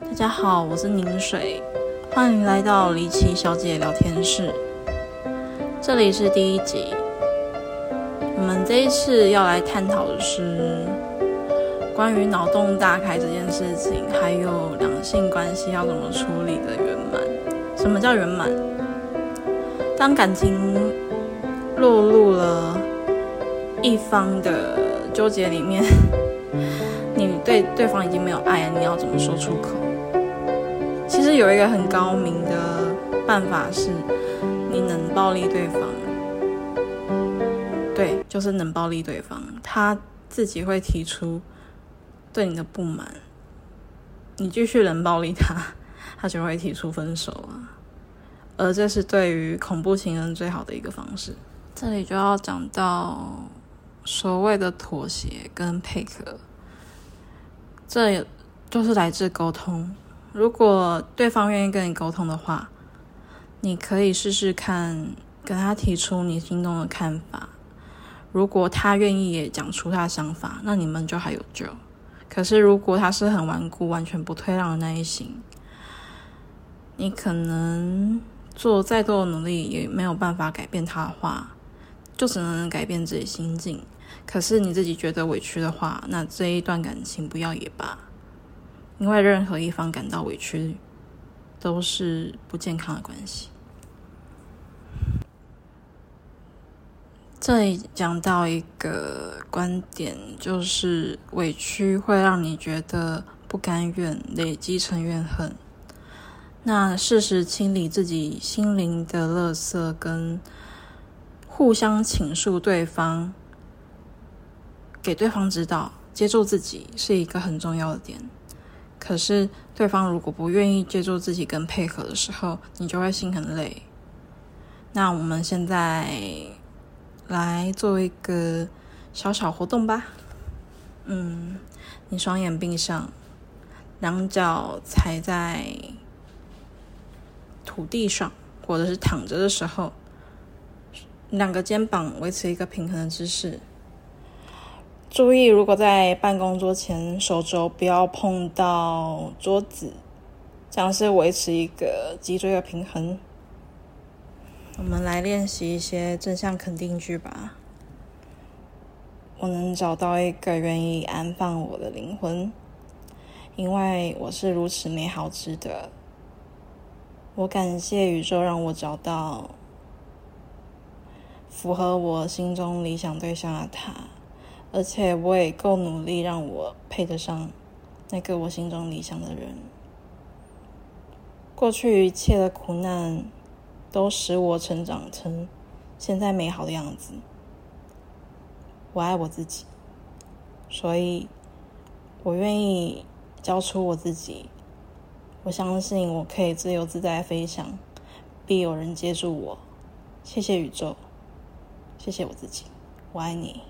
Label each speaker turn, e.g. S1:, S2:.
S1: 大家好，我是凝水，歡迎來到離奇小姐聊天室。這裡是第一集，我們這一次要來探討的是關於腦洞大開這件事情，還有兩性關係要怎麼處理的圓滿。什麼叫圓滿？當感情落入了一方的糾結裡面，你對對方已經沒有愛了，你要怎麼說出口？其實有一個很高明的辦法是，你冷暴力對方，對，就是冷暴力對方，他自己會提出對你的不滿，你繼續冷暴力他，他就會提出分手了，而這是對於恐怖情人最好的一個方式。這裡就要講到所謂的妥協跟配合，這也就是來自溝通。如果對方願意跟你溝通的話，你可以試試看跟他提出你心中的看法。如果他願意也講出他的想法，那你們就還有救。可是如果他是很頑固、完全不退讓的那一型，你可能做再多的努力也沒有辦法改變他的話，就只能改變自己心境。可是你自己覺得委屈的話，那這一段感情不要也罷。因為任何一方感到委屈，都是不健康的關係。這裡講到一個觀點，就是委屈會讓你覺得不甘願，累積成怨恨。那適時清理自己心靈的垃圾，跟互相傾訴對方，給對方指導，接受自己，是一個很重要的點。可是，對方如果不願意接受自己跟配合的時候，你就會心很累。那我們現在來做一個小小活動吧。嗯，你雙眼閉上，兩腳踩在土地上，或者是躺着的時候，兩個肩膀維持一個平衡的姿勢。注意，如果在辦公桌前，手肘不要碰到桌子，這樣是維持一個脊椎的平衡。我們來練習一些正向肯定句吧。我能找到一個願意安放我的靈魂，因為我是如此美好值得。我感謝宇宙讓我找到符合我心中理想對象的他。而且我也夠努力，讓我配得上那個我心中理想的人。過去一切的苦難，都使我成長成現在美好的樣子。我愛我自己，所以，我願意交出我自己。我相信我可以自由自在飛翔，必有人接住我。謝謝宇宙，謝謝我自己，我愛你。